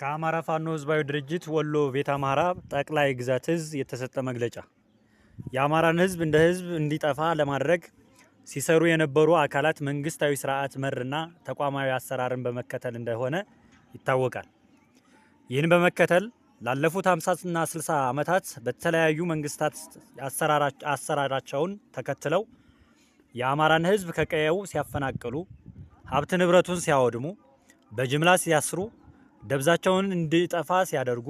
ከአማራ ፋኖ ህዝባዊ ድርጅት ወሎ ቤት አማራ ጠቅላይ ግዛት እዝ የተሰጠ መግለጫ የአማራን ህዝብ እንደ ህዝብ እንዲጠፋ ለማድረግ ሲሰሩ የነበሩ አካላት መንግስታዊ ስርዓት መርና ተቋማዊ አሰራርን በመከተል እንደሆነ ይታወቃል። ይህን በመከተል ላለፉት 50 እና 60 ዓመታት በተለያዩ መንግስታት አሰራራቸውን ተከትለው የአማራን ህዝብ ከቀየው ሲያፈናቅሉ፣ ሀብት ንብረቱን ሲያወድሙ፣ በጅምላ ሲያስሩ ደብዛቸውን እንዲጠፋ ሲያደርጉ፣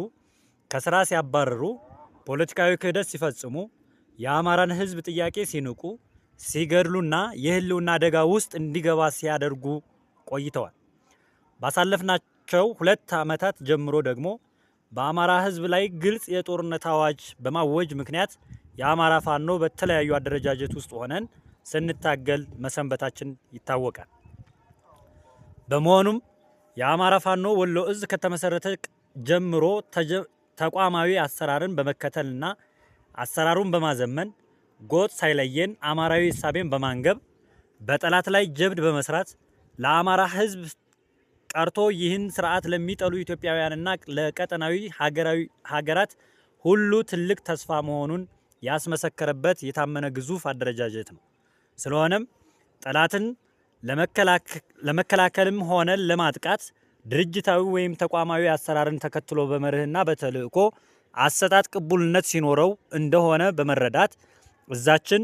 ከስራ ሲያባረሩ፣ ፖለቲካዊ ክህደት ሲፈጽሙ፣ የአማራን ህዝብ ጥያቄ ሲንቁ፣ ሲገድሉና የህልውና አደጋ ውስጥ እንዲገባ ሲያደርጉ ቆይተዋል። ባሳለፍናቸው ሁለት ዓመታት ጀምሮ ደግሞ በአማራ ህዝብ ላይ ግልጽ የጦርነት አዋጅ በማወጅ ምክንያት የአማራ ፋኖ በተለያዩ አደረጃጀት ውስጥ ሆነን ስንታገል መሰንበታችን ይታወቃል። በመሆኑም የአማራ ፋኖ ወሎ እዝ ከተመሰረተ ጀምሮ ተቋማዊ አሰራርን በመከተልና አሰራሩን በማዘመን ጎጥ ሳይለየን አማራዊ እሳቤን በማንገብ በጠላት ላይ ጀብድ በመስራት ለአማራ ህዝብ ቀርቶ ይህን ስርዓት ለሚጠሉ ኢትዮጵያውያንና ለቀጠናዊ ሀገራት ሁሉ ትልቅ ተስፋ መሆኑን ያስመሰከረበት የታመነ ግዙፍ አደረጃጀት ነው። ስለሆነም ጠላትን ለመከላከልም ሆነ ለማጥቃት ድርጅታዊ ወይም ተቋማዊ አሰራርን ተከትሎ በመርህና በተልዕኮ አሰጣጥ ቅቡልነት ሲኖረው እንደሆነ በመረዳት እዛችን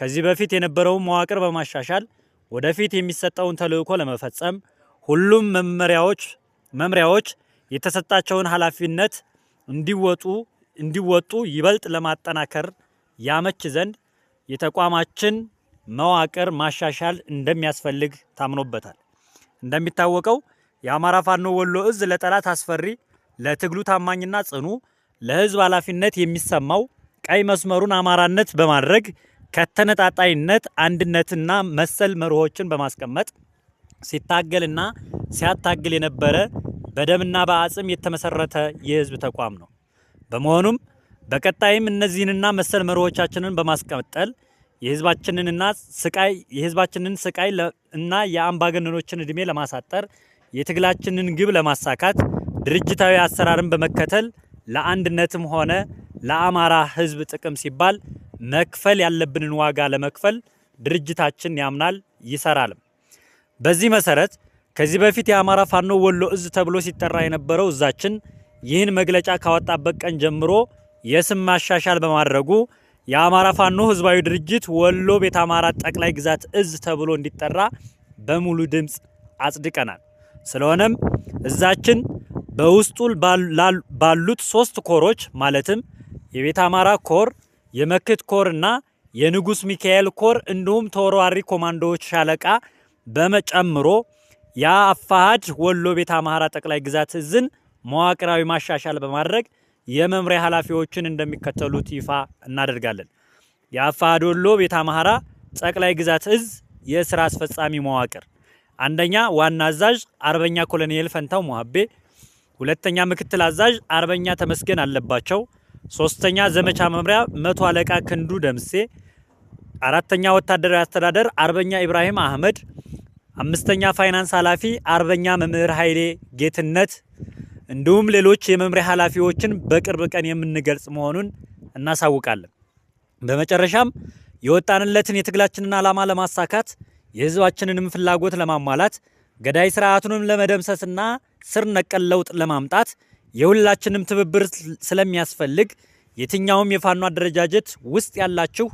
ከዚህ በፊት የነበረውን መዋቅር በማሻሻል ወደፊት የሚሰጠውን ተልዕኮ ለመፈጸም ሁሉም መመሪያዎች መምሪያዎች የተሰጣቸውን ኃላፊነት እንዲወጡ እንዲወጡ ይበልጥ ለማጠናከር ያመች ዘንድ የተቋማችን መዋቅር ማሻሻል እንደሚያስፈልግ ታምኖበታል። እንደሚታወቀው የአማራ ፋኖ ወሎ እዝ ለጠላት አስፈሪ፣ ለትግሉ ታማኝና ጽኑ፣ ለህዝብ ኃላፊነት የሚሰማው ቀይ መስመሩን አማራነት በማድረግ ከተነጣጣይነት አንድነትና መሰል መርሆችን በማስቀመጥ ሲታገልና ሲያታግል የነበረ በደምና በአጽም የተመሰረተ የህዝብ ተቋም ነው። በመሆኑም በቀጣይም እነዚህንና መሰል መርሆቻችንን በማስቀጠል የህዝባችንንና ስቃይ የህዝባችንን ስቃይ እና የአምባገነኖችን እድሜ ለማሳጠር የትግላችንን ግብ ለማሳካት ድርጅታዊ አሰራርን በመከተል ለአንድነትም ሆነ ለአማራ ህዝብ ጥቅም ሲባል መክፈል ያለብንን ዋጋ ለመክፈል ድርጅታችን ያምናል ይሰራልም። በዚህ መሰረት ከዚህ በፊት የአማራ ፋኖ ወሎ እዝ ተብሎ ሲጠራ የነበረው እዛችን ይህን መግለጫ ካወጣበት ቀን ጀምሮ የስም ማሻሻል በማድረጉ የአማራ ፋኖ ህዝባዊ ድርጅት ወሎ ቤት አማራ ጠቅላይ ግዛት እዝ ተብሎ እንዲጠራ በሙሉ ድምፅ አጽድቀናል። ስለሆነም እዛችን በውስጡ ባሉት ሶስት ኮሮች ማለትም የቤት አማራ ኮር፣ የመክት ኮር እና የንጉስ ሚካኤል ኮር እንዲሁም ተወርዋሪ ኮማንዶዎች ሻለቃ በመጨምሮ የአፋሃድ ወሎ ቤት አማራ ጠቅላይ ግዛት እዝን መዋቅራዊ ማሻሻል በማድረግ የመምሪያ ኃላፊዎችን እንደሚከተሉት ይፋ እናደርጋለን። የአፋሕድ ወሎ ቤተ አምሐራ ጠቅላይ ግዛት እዝ የስራ አስፈጻሚ መዋቅር፣ አንደኛ ዋና አዛዥ አርበኛ ኮሎኔል ፈንታው ሞሀቤ፣ ሁለተኛ ምክትል አዛዥ አርበኛ ተመስገን አለባቸው፣ ሶስተኛ ዘመቻ መምሪያ መቶ አለቃ ክንዱ ደምሴ፣ አራተኛ ወታደራዊ አስተዳደር አርበኛ ኢብራሂም አህመድ፣ አምስተኛ ፋይናንስ ኃላፊ አርበኛ መምህር ኃይሌ ጌትነት እንዲሁም ሌሎች የመምሪያ ኃላፊዎችን በቅርብ ቀን የምንገልጽ መሆኑን እናሳውቃለን። በመጨረሻም የወጣንለትን የትግላችንን ዓላማ ለማሳካት የህዝባችንንም ፍላጎት ለማሟላት ገዳይ ስርዓቱንም ለመደምሰስና ስር ነቀል ለውጥ ለማምጣት የሁላችንም ትብብር ስለሚያስፈልግ የትኛውም የፋኖ አደረጃጀት ውስጥ ያላችሁ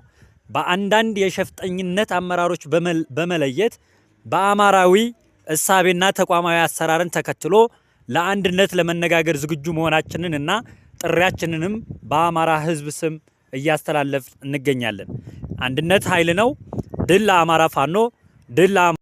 በአንዳንድ የሸፍጠኝነት አመራሮች በመለየት በአማራዊ እሳቤና ተቋማዊ አሰራርን ተከትሎ ለአንድነት ለመነጋገር ዝግጁ መሆናችንን እና ጥሪያችንንም በአማራ ህዝብ ስም እያስተላለፍ እንገኛለን። አንድነት ኃይል ነው። ድል ለአማራ ፋኖ! ድል